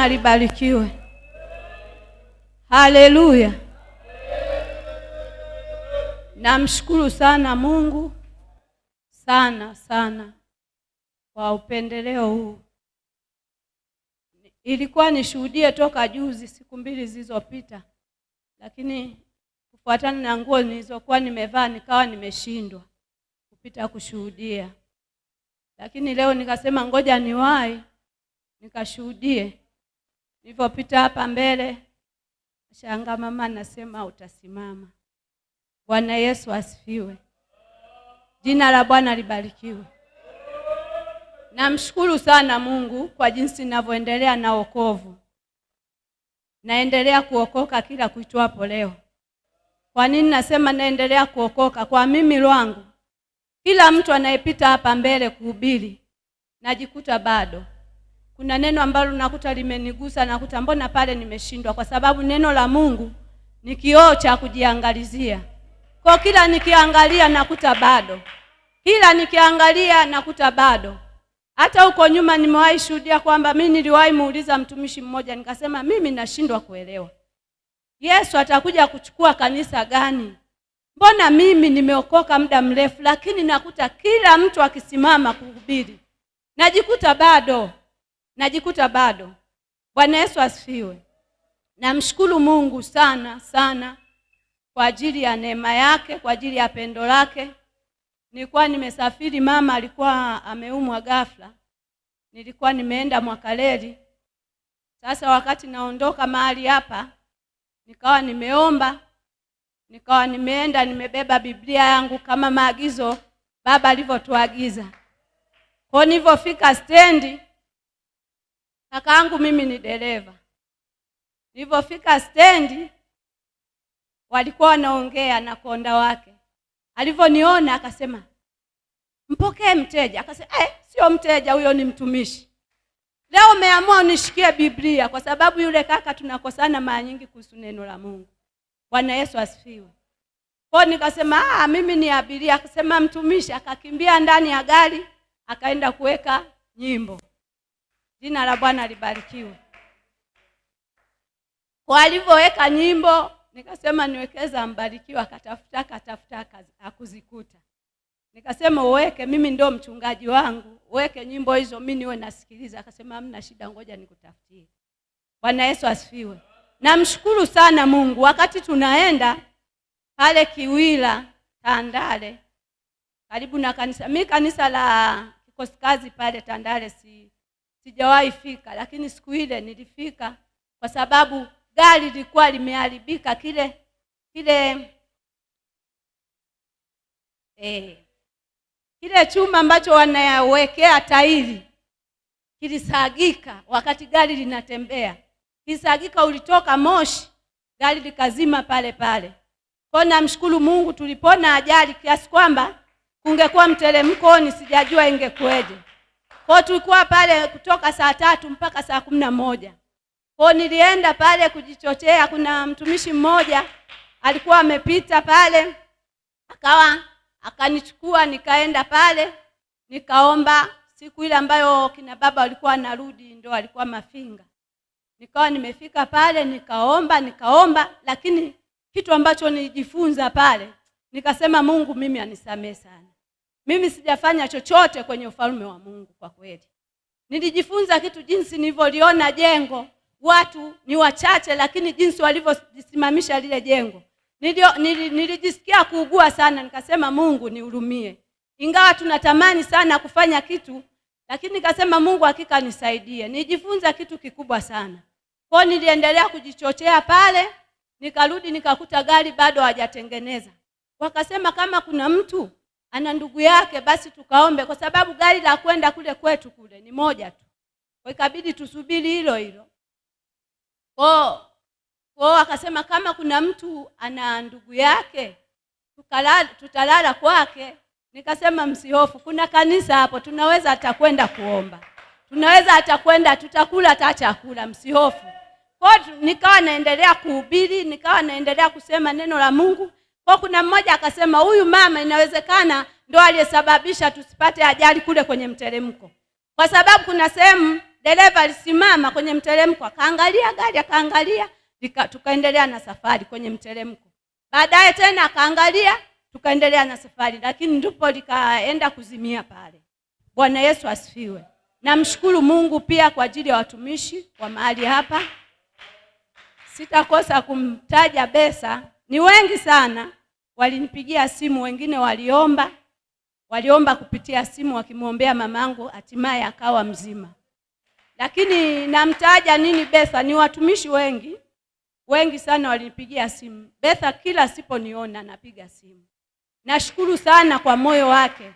Alibarikiwe, haleluya. Namshukuru sana Mungu sana sana kwa upendeleo huu. Ilikuwa nishuhudie toka juzi, siku mbili zilizopita, lakini kufuatana na nguo nilizokuwa nimevaa nikawa nimeshindwa kupita kushuhudia, lakini leo nikasema ngoja niwahi nikashuhudie Nilipopita hapa mbele, shanga mama anasema utasimama. Bwana Yesu asifiwe, jina la Bwana libarikiwe. Namshukuru sana Mungu kwa jinsi ninavyoendelea na wokovu, naendelea kuokoka kila kuitwapo leo. Kwa nini nasema naendelea kuokoka? Kwa mimi lwangu, kila mtu anayepita hapa mbele kuhubiri najikuta bado kuna neno ambalo nakuta limenigusa, nakuta mbona pale nimeshindwa, kwa sababu neno la Mungu ni kioo cha kujiangalizia. Kwa kila nikiangalia nakuta bado, kila nikiangalia nakuta bado. Hata huko nyuma nimewahi shuhudia kwamba mimi niliwahi muuliza mtumishi mmoja nikasema, mimi nashindwa kuelewa Yesu atakuja kuchukua kanisa gani? Mbona mimi nimeokoka muda mrefu, lakini nakuta kila mtu akisimama kuhubiri najikuta bado najikuta bado. Bwana Yesu asifiwe. Namshukuru Mungu sana sana kwa ajili ya neema yake, kwa ajili ya pendo lake. Nilikuwa nimesafiri, mama alikuwa ameumwa ghafla, nilikuwa nimeenda Mwakaleli. Sasa wakati naondoka mahali hapa, nikawa nimeomba, nikawa nimeenda, nimebeba Biblia yangu kama maagizo baba alivyotuagiza. Kwa nilivyofika stendi Kakaangu mimi ni dereva. Nilipofika stendi, walikuwa wanaongea na konda wake. Alivyoniona akasema mpokee mteja, akasema eh, sio mteja huyo, ni mtumishi. Leo umeamua unishikie Biblia, kwa sababu yule kaka tunakosana mara nyingi kuhusu neno la Mungu. Bwana Yesu asifiwe. Kwa nikasema ah, mimi ni abiria. Akasema mtumishi, akakimbia ndani ya gari akaenda kuweka nyimbo. Jina la Bwana libarikiwe. Kwa alivyoweka nyimbo, nikasema niwekeza Mbarikiwa, akatafuta akatafuta akuzikuta. Nikasema uweke, mimi ndio mchungaji wangu, uweke nyimbo hizo, mimi niwe nasikiliza. Akasema hamna shida, ngoja nikutafutie. Bwana Yesu asifiwe. Namshukuru sana Mungu. Wakati tunaenda pale Kiwila Tandale, karibu na kanisa, mi kanisa la Kikosikazi pale Tandale si sijawahi fika, lakini siku ile nilifika kwa sababu gari lilikuwa limeharibika kile kile eh, kile chuma ambacho wanawekea tairi kilisagika wakati gari linatembea, kilisagika, ulitoka moshi, gari likazima pale pale. Kwa namshukuru Mungu tulipona ajali kiasi kwamba kungekuwa mteremkoni, sijajua ingekuwaje. Kwa tulikuwa pale kutoka saa tatu mpaka saa kumi na moja. Kwa nilienda pale kujichochea. Kuna mtumishi mmoja alikuwa amepita pale, akawa akanichukua nikaenda pale nikaomba. Siku ile ambayo kina baba walikuwa narudi, ndo alikuwa Mafinga, nikawa nimefika pale nikaomba, nikaomba, lakini kitu ambacho nilijifunza pale, nikasema Mungu mimi anisamee sana mimi sijafanya chochote kwenye ufalme wa Mungu kwa kweli. Nilijifunza kitu jinsi nilivyoliona jengo, watu ni wachache, lakini jinsi walivyosimamisha lile jengo Nilio, nil, nilijisikia kuugua sana, nikasema Mungu nihurumie, ingawa tunatamani sana kufanya kitu, lakini nikasema Mungu hakika nisaidie. Nijifunza kitu kikubwa sana kwao, niliendelea kujichochea pale, nikarudi nikakuta gari bado hawajatengeneza. Wakasema kama kuna mtu ana ndugu yake, basi tukaombe, kwa sababu gari la kwenda kule kwetu kule ni moja tu, kwa ikabidi tusubiri hilo hilo. Kwa hiyo akasema kama kuna mtu ana ndugu yake tukalala, tutalala kwake. Nikasema msihofu, kuna kanisa hapo, tunaweza atakwenda kuomba, tunaweza atakwenda tutakula hata chakula, msihofu. Kwa nikawa naendelea kuhubiri, nikawa naendelea kusema neno la Mungu kwa kuna mmoja akasema, huyu mama inawezekana ndo aliyesababisha tusipate ajali kule kwenye mteremko, kwa sababu kuna sehemu dereva alisimama kwenye mteremko, akaangalia gari, akaangalia, tukaendelea na safari kwenye mteremko. Baadaye tena akaangalia, tukaendelea na safari, lakini ndipo likaenda kuzimia pale. Bwana Yesu asifiwe. Namshukuru Mungu pia kwa ajili ya watumishi wa mahali hapa, sitakosa kumtaja Besa, ni wengi sana walinipigia simu, wengine waliomba, waliomba kupitia simu wakimwombea mamangu, hatimaye akawa mzima. Lakini namtaja nini Betha? Ni watumishi wengi wengi sana walinipigia simu. Betha kila siponiona napiga simu. Nashukuru sana kwa moyo wake,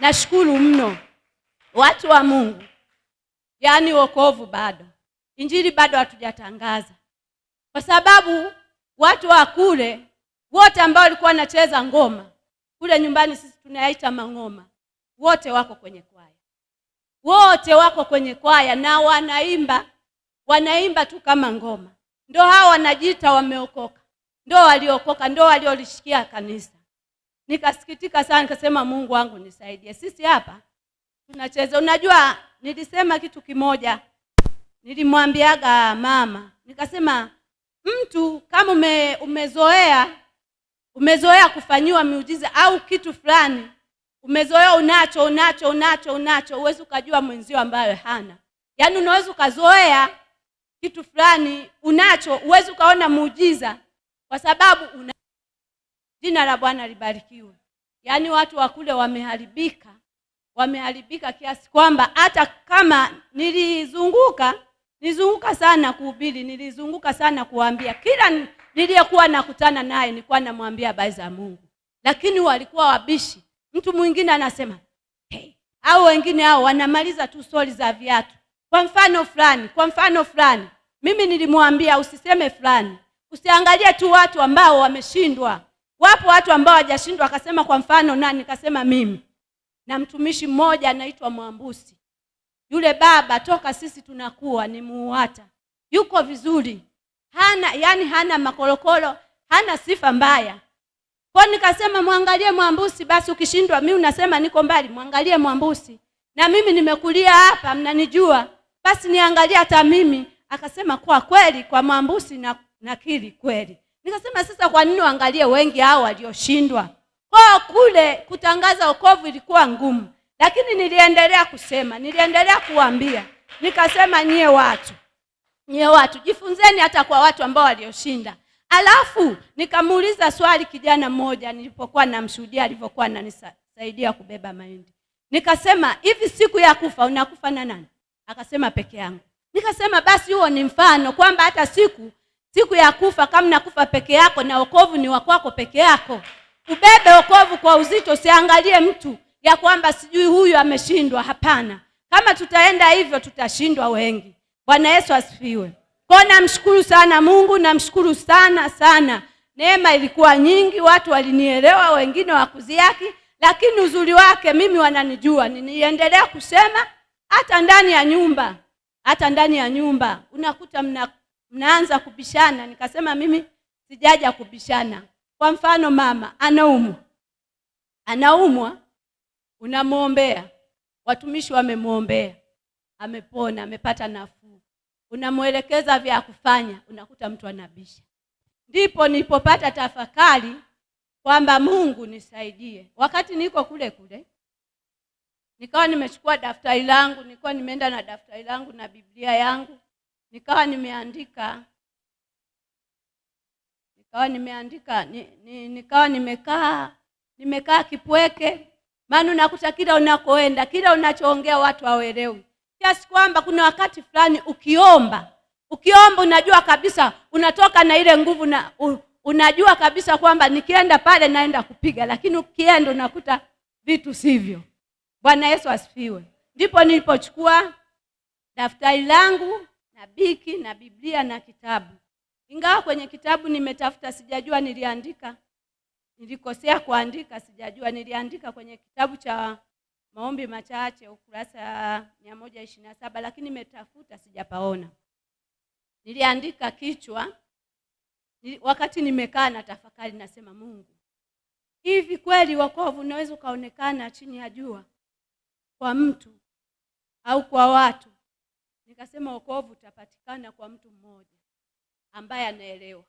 nashukuru mno. Watu wa Mungu, yaani wokovu bado, injili bado hatujatangaza, kwa sababu watu wa kule wote ambao walikuwa wanacheza ngoma kule nyumbani, sisi tunayaita mangoma, wote wako kwenye kwaya, wote wako kwenye kwaya na wanaimba, wanaimba tu kama ngoma. Ndo hawa wanajiita wameokoka, ndo waliokoka, ndo waliolishikia kanisa. Nikasikitika sana, nikasema Mungu wangu nisaidie, sisi hapa tunacheza. Unajua, nilisema kitu kimoja, nilimwambiaga mama nikasema, mtu kama ume, umezoea umezoea kufanyiwa miujiza au kitu fulani, umezoea unacho unacho unacho unacho, uwezi ukajua mwenzio ambaye hana. Yaani unaweza ukazoea kitu fulani unacho, uwezi ukaona muujiza kwa sababu una jina la Bwana libarikiwe. Yaani watu wa kule wameharibika, wameharibika kiasi kwamba hata kama nilizunguka nilizunguka sana kuhubiri, nilizunguka sana kuambia kila niliyekuwa nakutana naye nilikuwa namwambia habari za Mungu, lakini walikuwa wabishi. Mtu mwingine anasema hey, au wengine hao wanamaliza tu stori za viatu, kwa mfano fulani, kwa mfano fulani. Mimi nilimwambia usiseme fulani, usiangalie tu watu ambao wameshindwa. Wapo watu ambao hawajashindwa. Akasema kwa mfano nani? Nikasema mimi na mtumishi mmoja anaitwa Mwambusi. Yule baba toka sisi tunakuwa ni muuata, yuko vizuri hana yani, hana makorokoro, hana sifa mbaya. Kwa nikasema mwangalie Mwambusi basi, ukishindwa mimi unasema niko mbali, mwangalie Mwambusi na mimi nimekulia hapa, mnanijua basi niangalie hata mimi. Akasema kwa kweli, kwa Mwambusi na nakili kweli. Nikasema sasa, kwa nini waangalie wengi hao walioshindwa? Kwa kule kutangaza okovu ilikuwa ngumu, lakini niliendelea kusema, niliendelea kuambia, nikasema nyie watu nyie watu jifunzeni hata kwa watu ambao walioshinda. Alafu nikamuuliza swali kijana mmoja nilipokuwa namshuhudia alivyokuwa ananisaidia kubeba mahindi, nikasema hivi, siku ya kufa unakufa na nani? Akasema peke yangu. Nikasema basi huo ni mfano kwamba hata siku siku ya kufa, kama nakufa peke yako na wokovu ni wakwako peke yako, ubebe wokovu kwa uzito, siangalie mtu ya kwamba sijui huyu ameshindwa. Hapana, kama tutaenda hivyo tutashindwa wengi. Bwana Yesu asifiwe. Kwa namshukuru sana Mungu, namshukuru sana sana. Neema ilikuwa nyingi, watu walinielewa, wengine wakuziaki, lakini uzuri wake mimi wananijua. niniendelea kusema hata ndani ya nyumba, hata ndani ya nyumba unakuta mna, mnaanza kubishana. Nikasema mimi sijaja kubishana. Kwa mfano, mama anaumwa, anaumwa, unamwombea, watumishi wamemwombea, amepona, amepata nafuu unamwelekeza vya kufanya, unakuta mtu anabisha. Ndipo nilipopata tafakari kwamba Mungu nisaidie. Wakati niko kule kule, nikawa nimechukua daftari langu, nilikuwa nimeenda na daftari langu na Biblia yangu, nikawa nimeandika nikawa nimeandika ni, ni, nikawa nimekaa nimekaa kipweke, maana unakuta kila unakoenda, kila unachoongea watu hawaelewi kiasi kwamba kuna wakati fulani ukiomba ukiomba unajua kabisa unatoka na ile nguvu na u, unajua kabisa kwamba nikienda pale naenda kupiga, lakini ukienda unakuta vitu sivyo. Bwana Yesu asifiwe. Ndipo nilipochukua daftari langu na biki na Biblia na kitabu, ingawa kwenye kitabu nimetafuta, sijajua niliandika, nilikosea kuandika, sijajua niliandika kwenye kitabu cha maombi machache ukurasa mia moja ishirini na saba lakini nimetafuta sijapaona. Niliandika kichwa wakati nimekaa na tafakari nasema, Mungu, hivi kweli wokovu unaweza ukaonekana chini ya jua kwa mtu au kwa watu? Nikasema wokovu utapatikana kwa mtu mmoja ambaye anaelewa.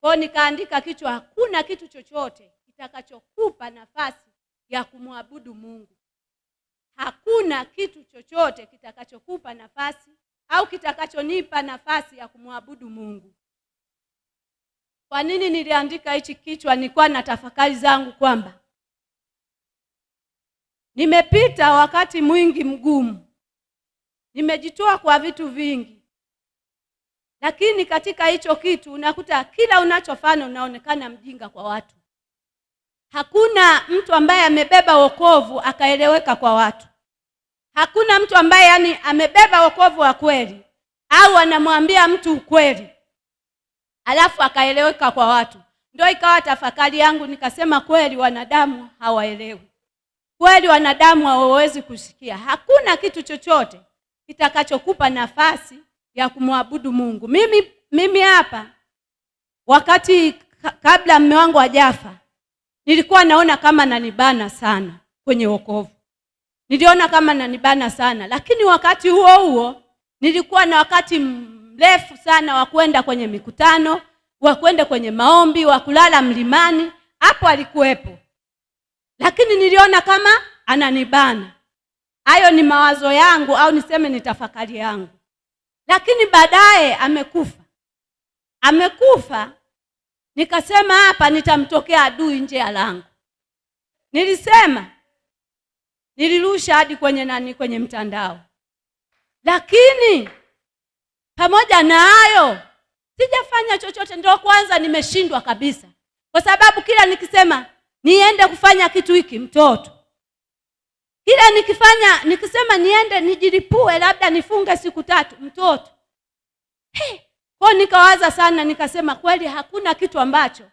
Kwao nikaandika kichwa, hakuna kitu chochote kitakachokupa nafasi ya kumwabudu Mungu Hakuna kitu chochote kitakachokupa nafasi au kitakachonipa nafasi ya kumwabudu Mungu. Kwa nini niliandika hichi kichwa? Nilikuwa na tafakari zangu kwamba nimepita wakati mwingi mgumu, nimejitoa kwa vitu vingi, lakini katika hicho kitu unakuta kila unachofanya unaonekana mjinga kwa watu. Hakuna mtu ambaye amebeba wokovu akaeleweka kwa watu. Hakuna mtu ambaye yani amebeba wokovu wa kweli au anamwambia mtu ukweli alafu akaeleweka kwa watu. Ndio ikawa tafakari yangu, nikasema kweli wanadamu hawaelewi, kweli wanadamu hawawezi kusikia. Hakuna kitu chochote kitakachokupa nafasi ya kumwabudu Mungu. Mimi mimi hapa wakati kabla mme wangu hajafa nilikuwa naona kama nanibana sana kwenye wokovu, niliona kama nanibana sana lakini wakati huo huo nilikuwa na wakati mrefu sana wa kwenda kwenye mikutano, wa kwenda kwenye maombi, wa kulala mlimani. Hapo alikuwepo, lakini niliona kama ananibana. Hayo ni mawazo yangu, au niseme ni tafakari yangu. Lakini baadaye amekufa, amekufa Nikasema hapa nitamtokea adui nje ya langu. Nilisema, nilirusha hadi kwenye nani, kwenye mtandao. Lakini pamoja na hayo sijafanya chochote, ndio kwanza nimeshindwa kabisa, kwa sababu kila nikisema niende kufanya kitu hiki, mtoto kila nikifanya nikisema niende nijilipue, labda nifunge siku tatu, mtoto hey. Kwa nikawaza sana, nikasema kweli hakuna kitu ambacho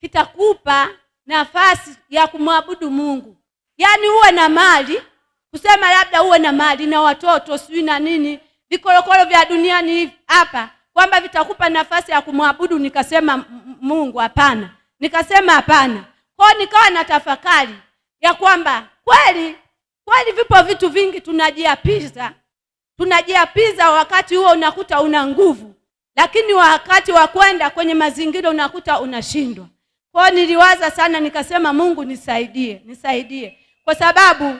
kitakupa nafasi ya kumwabudu Mungu, yaani uwe na mali kusema labda uwe na mali na watoto sijui na nini vikorokoro vya duniani hapa kwamba vitakupa nafasi ya kumwabudu. Nikasema Mungu, hapana. Nikasema hapana. Kwa nikawa na tafakari ya kwamba kweli kweli vipo vitu vingi tunajiapiza, tunajiapiza, wakati huo unakuta una nguvu lakini wakati wa kwenda kwenye mazingira unakuta unashindwa. Kwa hiyo niliwaza sana, nikasema Mungu nisaidie, nisaidie, kwa sababu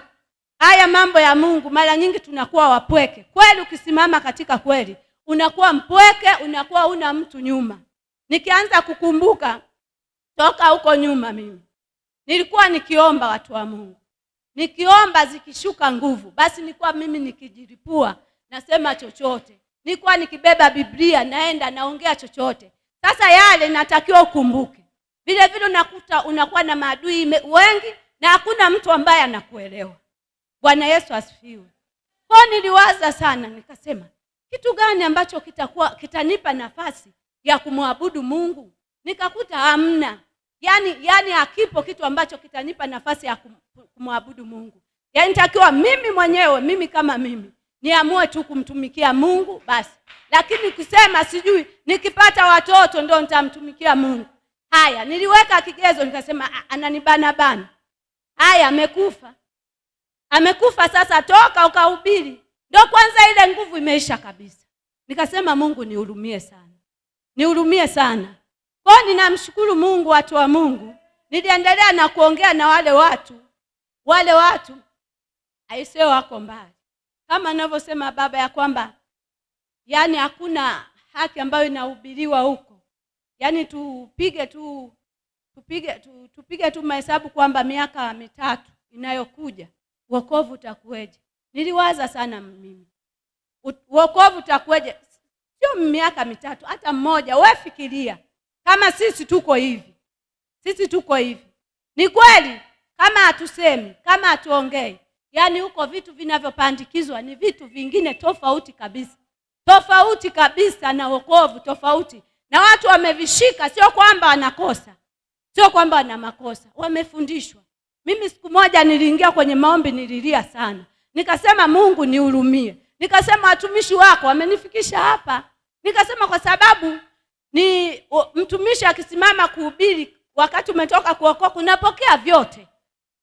haya mambo ya Mungu mara nyingi tunakuwa wapweke kweli. Ukisimama katika kweli unakuwa mpweke, unakuwa una mtu nyuma. Nikianza kukumbuka toka huko nyuma, mimi nilikuwa nikiomba, watu wa Mungu, nikiomba zikishuka nguvu, basi nilikuwa mimi nikijilipua, nasema chochote nilikuwa nikibeba Biblia naenda naongea chochote. Sasa yale natakiwa ukumbuke. Vile vile unakuta unakuwa na maadui wengi na hakuna mtu ambaye anakuelewa. Bwana Yesu asifiwe. Kwa niliwaza sana, nikasema kitu gani ambacho kitakuwa kitanipa nafasi ya kumwabudu Mungu? Nikakuta hamna, yaani yani hakipo kitu ambacho kitanipa nafasi ya kumwabudu Mungu, yaani nitakiwa mimi mwenyewe, mimi kama mimi niamue tu kumtumikia Mungu basi, lakini kusema sijui nikipata watoto ndo nitamtumikia Mungu. Haya, niliweka kigezo nikasema, ah, ananibana bana. Haya, amekufa amekufa, sasa toka ukahubiri. Ndo kwanza ile nguvu imeisha kabisa. Nikasema Mungu nihurumie sana, nihurumie sana. Kwa ninamshukuru Mungu, watu wa Mungu, niliendelea na kuongea na wale watu wale watu aisee, wako mbali kama anavyosema Baba ya kwamba yani hakuna haki ambayo inahubiriwa huko, yani tupige tu tupige tu, tupige tu mahesabu kwamba miaka mitatu inayokuja wokovu utakuweje? Niliwaza sana mimi wokovu utakuweje, sio miaka mitatu, hata mmoja. Wewe fikiria kama sisi tuko hivi, sisi tuko hivi, ni kweli kama hatusemi, kama hatuongei Yaani huko vitu vinavyopandikizwa ni vitu vingine tofauti kabisa, tofauti kabisa na wokovu, tofauti na watu wamevishika. Sio kwamba wanakosa, sio kwamba wana makosa, wamefundishwa. Mimi siku moja niliingia kwenye maombi, nililia sana, nikasema Mungu nihurumie, nikasema watumishi wako wamenifikisha hapa, nikasema kwa sababu ni mtumishi akisimama kuhubiri wakati umetoka kuokoka, unapokea vyote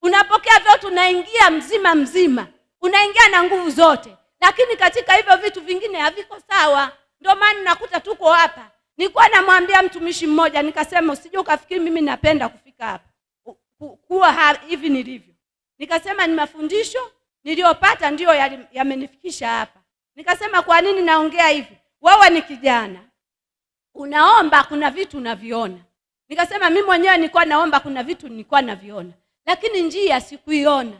Unapokea vyote, unaingia mzima mzima, unaingia na nguvu zote, lakini katika hivyo vitu vingine haviko sawa. Ndio maana nakuta tuko hapa. Nilikuwa namwambia mtumishi mmoja nikasema, usije ukafikiri mimi napenda kufika hapa kuwa hivi nilivyo. Nikasema ni mafundisho niliyopata ndiyo yamenifikisha ya hapa. Nikasema kwa nini naongea hivi? Wewe ni kijana unaomba, kuna vitu unaviona. Nikasema mimi mwenyewe nilikuwa naomba, kuna vitu nilikuwa naviona lakini njia sikuiona.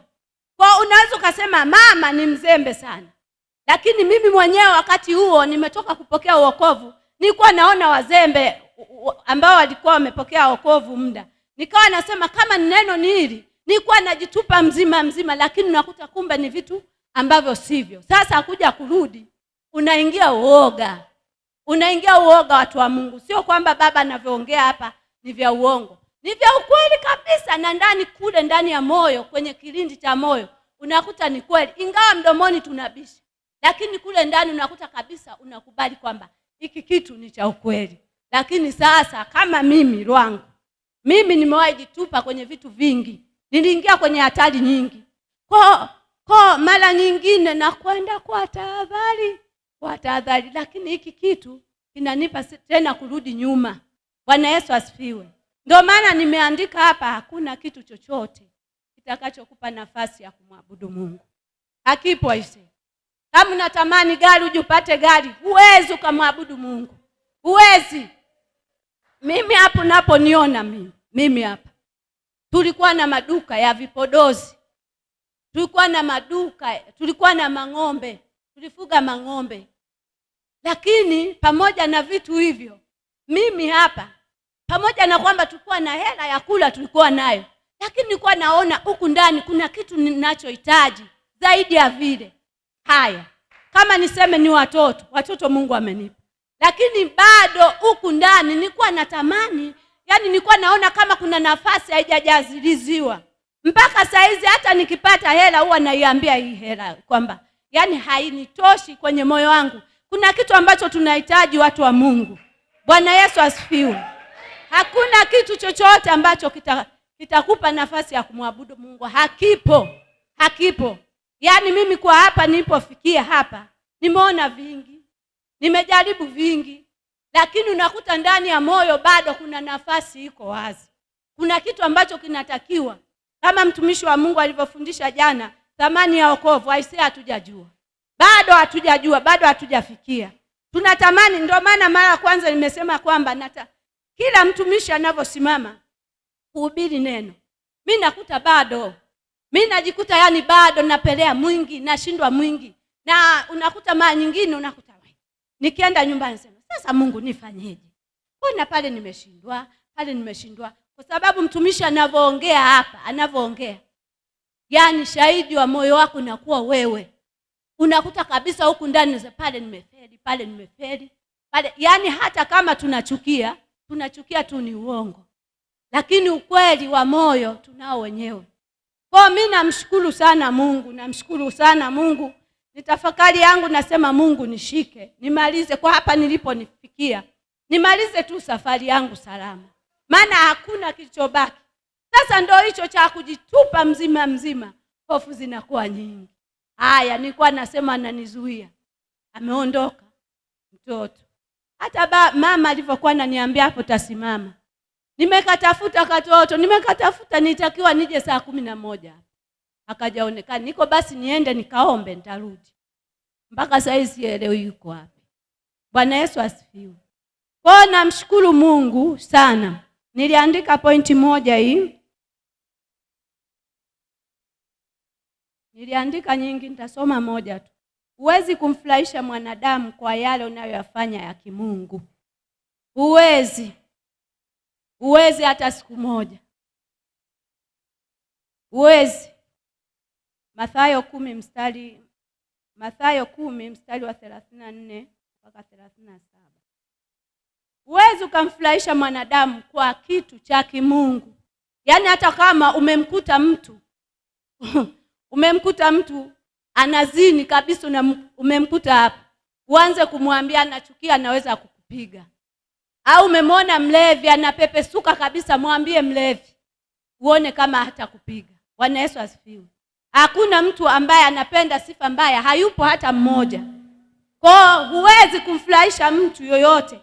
Kwa unaweza ukasema mama ni mzembe sana, lakini mimi mwenyewe wakati huo nimetoka kupokea wokovu, nilikuwa naona wazembe ambao walikuwa wamepokea wokovu muda, nikawa nasema kama ni neno ni hili, nilikuwa najitupa mzima mzima, lakini nakuta kumbe ni vitu ambavyo sivyo. Sasa kuja kurudi, unaingia uoga, unaingia uoga, watu wa Mungu. Sio kwamba baba anavyoongea hapa ni vya uongo, ni vya ukweli kabisa, na ndani kule, ndani ya moyo, kwenye kilindi cha moyo unakuta ni kweli, ingawa mdomoni tunabisha, lakini kule ndani unakuta kabisa, unakubali kwamba hiki kitu ni cha ukweli. Lakini sasa kama mimi lwangu, mimi nimewahi jitupa kwenye vitu vingi, niliingia kwenye hatari nyingi ko ko, mara nyingine nakwenda kwa tahadhari, kwa tahadhari, lakini hiki kitu kinanipa tena kurudi nyuma. Bwana Yesu asifiwe. Ndio maana nimeandika hapa, hakuna kitu chochote kitakachokupa nafasi ya kumwabudu Mungu, hakipo aise. Kama unatamani gari uje upate gari, huwezi ukamwabudu Mungu, huwezi. Mimi hapo naponiona mimi, mimi hapa tulikuwa na maduka ya vipodozi, tulikuwa na maduka, tulikuwa na mang'ombe, tulifuga mang'ombe, lakini pamoja na vitu hivyo mimi hapa pamoja na kwamba tulikuwa na hela ya kula, tulikuwa nayo, lakini nilikuwa naona huku ndani kuna kitu ninachohitaji zaidi ya vile. Haya, kama niseme ni watoto, watoto Mungu amenipa, lakini bado huku ndani nilikuwa natamani, yani nilikuwa naona kama kuna nafasi haijajaziliziwa mpaka saizi. Hata nikipata hela huwa naiambia hii hela kwamba yani hainitoshi kwenye moyo wangu. Kuna kitu ambacho tunahitaji watu wa Mungu. Bwana Yesu asifiwe. Hakuna kitu chochote ambacho kitakupa kita nafasi ya kumwabudu Mungu, hakipo, hakipo. Yaani mimi kwa hapa nilipofikia hapa, nimeona vingi, nimejaribu vingi, lakini unakuta ndani ya moyo bado kuna nafasi iko wazi, kuna kitu ambacho kinatakiwa, kama mtumishi wa Mungu alivyofundisha jana, thamani ya wokovu aisee, hatujajua bado, hatujajua bado, hatujafikia tunatamani. Ndio maana mara kwanza nimesema kwamba nata kila mtumishi anavyosimama kuhubiri neno, mi nakuta bado, mi najikuta yani bado napelea mwingi, nashindwa mwingi, na unakuta mara nyingine unakuta wewe, nikienda nyumbani sema sasa, Mungu nifanyeje? Mbona pale nimeshindwa, pale nimeshindwa, kwa sababu mtumishi anavyoongea hapa, anavyoongea yani shahidi wa moyo wako unakuwa wewe unakuta kabisa huku ndani pale nimefeli, pale nimefeli, pale yani, hata kama tunachukia tunachukia tu ni uongo, lakini ukweli wa moyo tunao wenyewe. Kwa mimi namshukuru sana Mungu, namshukuru sana Mungu. Nitafakari yangu nasema, Mungu nishike, nimalize kwa hapa niliponifikia, nimalize tu safari yangu salama, maana hakuna kilichobaki. Sasa ndo hicho cha kujitupa mzima mzima, hofu zinakuwa nyingi. Haya, nilikuwa nasema ananizuia, ameondoka mtoto hata ba, mama alivyokuwa ananiambia hapo tasimama, nimekatafuta katoto, nimekatafuta, nitakiwa nije saa kumi na moja akajaonekana. Niko basi niende nikaombe, nitarudi. Mpaka saa hii sielewi yuko wapi. Bwana Yesu asifiwe. Kwayo namshukuru Mungu sana. Niliandika pointi moja hii, niliandika nyingi, nitasoma moja tu. Huwezi kumfurahisha mwanadamu kwa yale unayoyafanya ya kimungu, huwezi, huwezi hata siku moja, huwezi. Mathayo kumi mstari Mathayo kumi mstari wa thelathini na nne mpaka thelathini na saba. Huwezi ukamfurahisha mwanadamu kwa kitu cha kimungu, yaani hata kama umemkuta mtu umemkuta mtu anazini kabisa, na umemkuta hapo, uanze kumwambia anachukia anaweza kukupiga. Au umemwona mlevi anapepesuka kabisa, mwambie mlevi, uone kama kupiga. Bwana Yesu asifiwe. Hakuna mtu ambaye anapenda sifa mbaya, hayupo hata mmoja. Kwa huwezi kumfurahisha mtu yoyote,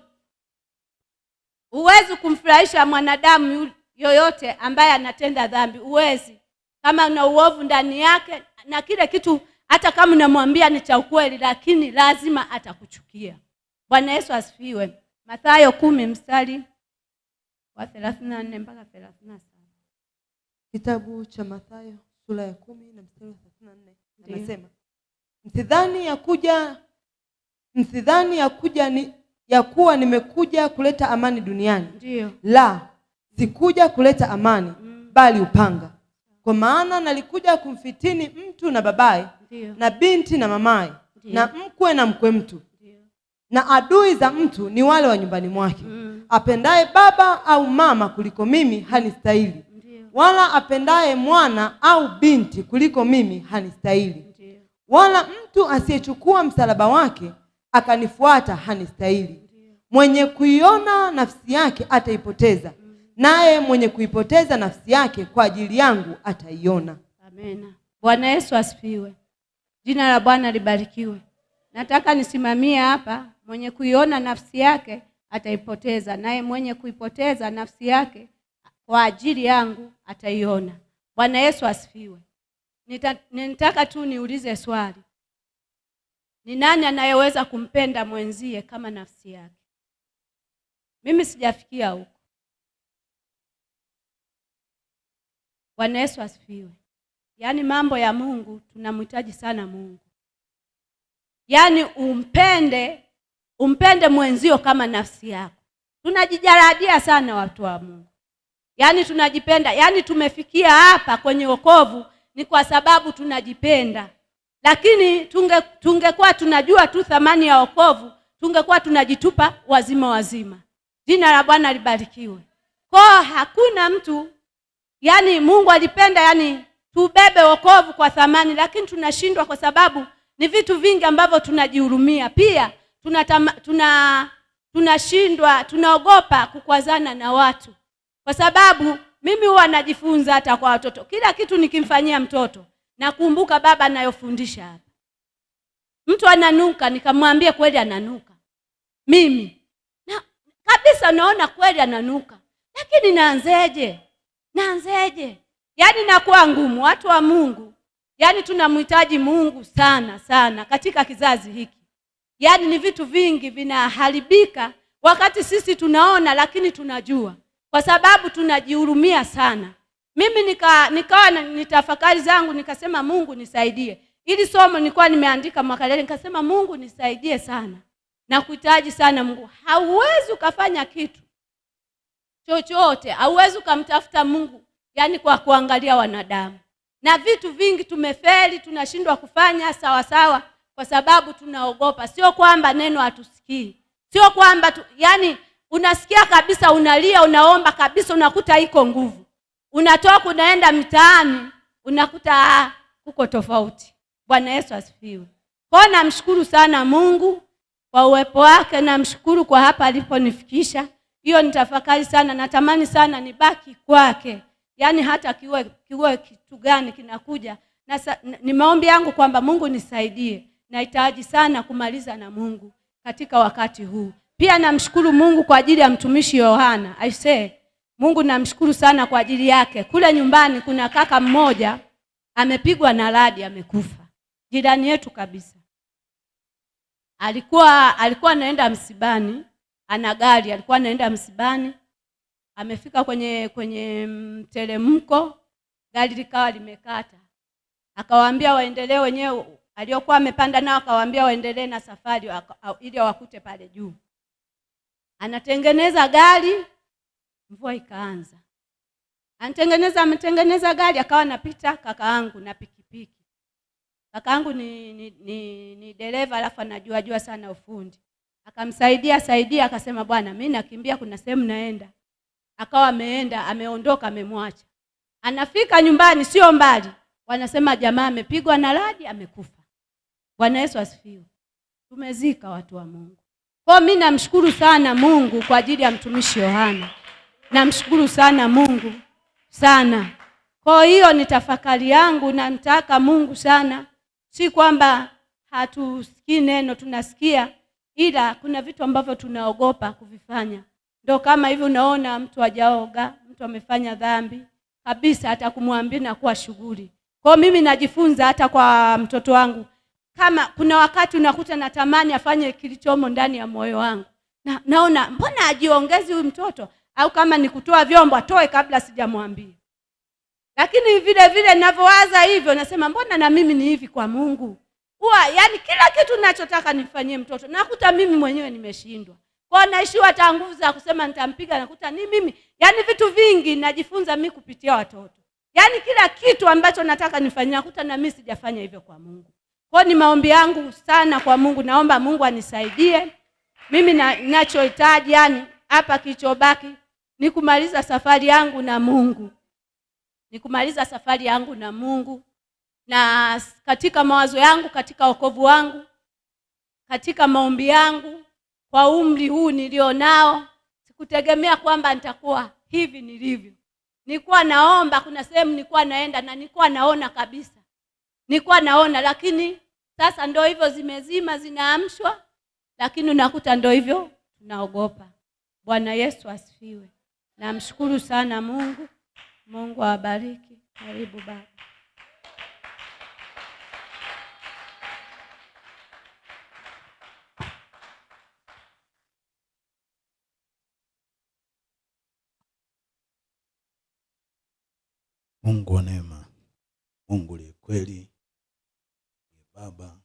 huwezi kumfurahisha mwanadamu yoyote ambaye anatenda dhambi, huwezi. Kama una uovu ndani yake na kile kitu hata kama unamwambia ni cha ukweli, lakini lazima atakuchukia. Bwana Yesu asifiwe. Mathayo kumi mstari wa 34 mpaka 37. Kitabu cha Mathayo sura ya kumi na mstari wa 34 anasema, msidhani ya kuja msidhani ya kuja ni, ya kuwa nimekuja kuleta amani duniani. Ndiyo. La, sikuja kuleta amani mm, bali upanga mm. Kwa maana nalikuja kumfitini mtu na babaye na binti na mamaye na mkwe na mkwe mtu Ndiyo. na adui za mtu ni wale wa nyumbani mwake mm. apendaye baba au mama kuliko mimi hanistahili wala apendaye mwana au binti kuliko mimi hanistahili wala mtu asiyechukua msalaba wake akanifuata hanistahili mwenye kuiona nafsi yake ataipoteza naye mwenye kuipoteza nafsi yake kwa ajili yangu ataiona. Amina. Bwana Yesu asifiwe. Jina la Bwana libarikiwe. Nataka nisimamie hapa. Mwenye kuiona nafsi yake ataipoteza, naye mwenye kuipoteza nafsi yake kwa ajili yangu ataiona. Bwana Yesu asifiwe. nitaka tu niulize swali, ni nani anayeweza kumpenda mwenzie kama nafsi yake? Mimi sijafikia huko Bwana Yesu asifiwe. Yaani mambo ya Mungu tunamhitaji sana Mungu, yaani umpende, umpende mwenzio kama nafsi yako. Tunajijaradia sana watu wa Mungu, yaani tunajipenda. Yaani tumefikia hapa kwenye wokovu ni kwa sababu tunajipenda, lakini tunge tungekuwa tunajua tu thamani ya wokovu tungekuwa tunajitupa wazima wazima. Jina la Bwana libarikiwe. Kwa hakuna mtu Yaani Mungu alipenda yani tubebe wokovu kwa thamani, lakini tunashindwa kwa sababu ni vitu vingi ambavyo tunajihurumia. Pia tuna tunashindwa tunaogopa kukwazana na watu, kwa sababu mimi huwa najifunza hata kwa watoto. Kila kitu nikimfanyia mtoto nakumbuka baba anayofundisha hapa, mtu ananuka, nikamwambia kweli ananuka mimi na kabisa, naona kweli ananuka, lakini naanzeje? nanzeje Yaani nakuwa ngumu. Watu wa Mungu, yaani tunamhitaji Mungu sana sana katika kizazi hiki. Yaani ni vitu vingi vinaharibika wakati sisi tunaona, lakini tunajua kwa sababu tunajihurumia sana. Mimi nika nikawa nitafakari zangu nikasema, Mungu nisaidie. Ili somo nilikuwa nimeandika mwaka nikasema Mungu nisaidie sana, nakuhitaji sana Mungu. Hauwezi ukafanya kitu chochote. Hauwezi ukamtafuta Mungu yani kwa kuangalia wanadamu, na vitu vingi tumefeli, tunashindwa kufanya sawasawa sawa, kwa sababu tunaogopa. Sio kwamba neno hatusikii, sio kwamba tu, yani unasikia kabisa, unalia, unaomba kabisa, unakuta iko nguvu, unatoka unaenda mitaani, unakuta ah, kuko tofauti. Bwana Yesu asifiwe. Kwa namshukuru sana Mungu kwa uwepo wake, namshukuru kwa hapa aliponifikisha hiyo nitafakari sana, natamani sana nibaki kwake, yaani hata kiwe, kiwe kitu gani kinakuja na, ni maombi yangu kwamba Mungu nisaidie, nahitaji sana kumaliza na Mungu katika wakati huu. Pia namshukuru Mungu kwa ajili ya mtumishi Yohana. I say Mungu namshukuru sana kwa ajili yake. Kule nyumbani kuna kaka mmoja amepigwa na radi amekufa, jirani yetu kabisa. Alikuwa alikuwa anaenda msibani ana gari, alikuwa anaenda msibani, amefika kwenye kwenye mteremko, gari likawa limekata, akawaambia waendelee wenyewe, aliyokuwa amepanda nao akawaambia waendelee na safari ili awakute pale juu. Anatengeneza gari, mvua ikaanza. Anatengeneza ametengeneza gari, akawa napita kakaangu na pikipiki. Kakaangu ni, ni, ni, ni dereva alafu anajua jua sana ufundi akamsaidia saidia, akasema bwana, mimi nakimbia, kuna sehemu naenda. Akawa ameenda ameondoka, amemwacha. Anafika nyumbani, sio mbali, wanasema jamaa amepigwa na radi, amekufa. Bwana Yesu asifiwe. Tumezika watu wa Mungu. Kwa mimi namshukuru sana Mungu kwa ajili ya mtumishi Yohana, namshukuru sana Mungu sana. Kwa hiyo ni tafakari yangu, namtaka Mungu sana, si kwamba hatusikii neno, tunasikia ila kuna vitu ambavyo tunaogopa kuvifanya. Ndo kama hivi unaona mtu hajaoga, mtu amefanya dhambi kabisa, hata kumwambia na kuwa shughuli kwao. Mimi najifunza hata kwa mtoto wangu, kama kuna wakati unakuta natamani afanye kilichomo ndani ya moyo wangu na, naona mbona ajiongezi huyu mtoto, au kama ni kutoa vyombo atoe kabla sijamwambia. Lakini vile vile ninavyowaza hivyo, nasema mbona na mimi ni hivi kwa Mungu huwa yani kila kitu ninachotaka nifanyie mtoto nakuta mimi mwenyewe nimeshindwa. Kwa naishiwa hata nguvu za kusema nitampiga, nakuta ni mimi. Yani vitu vingi najifunza mimi kupitia watoto. Yani kila kitu ambacho nataka nifanyie nakuta na mimi sijafanya hivyo kwa Mungu. Kwa ni maombi yangu sana kwa Mungu, naomba Mungu anisaidie mimi na, ninachohitaji, yani hapa kilichobaki ni kumaliza safari yangu na Mungu, ni kumaliza safari yangu na Mungu na katika mawazo yangu, katika wokovu wangu, katika maombi yangu, kwa umri huu nilionao, sikutegemea kwamba nitakuwa hivi nilivyo. Nilikuwa naomba, kuna sehemu nilikuwa naenda na nilikuwa naona kabisa, nilikuwa naona, lakini sasa ndo hivyo, zimezima zinaamshwa, lakini unakuta ndo hivyo, tunaogopa. Bwana Yesu asifiwe. Namshukuru sana Mungu. Mungu awabariki. Karibu baba. Mungu wa neema, Mungu liye kweli, Baba,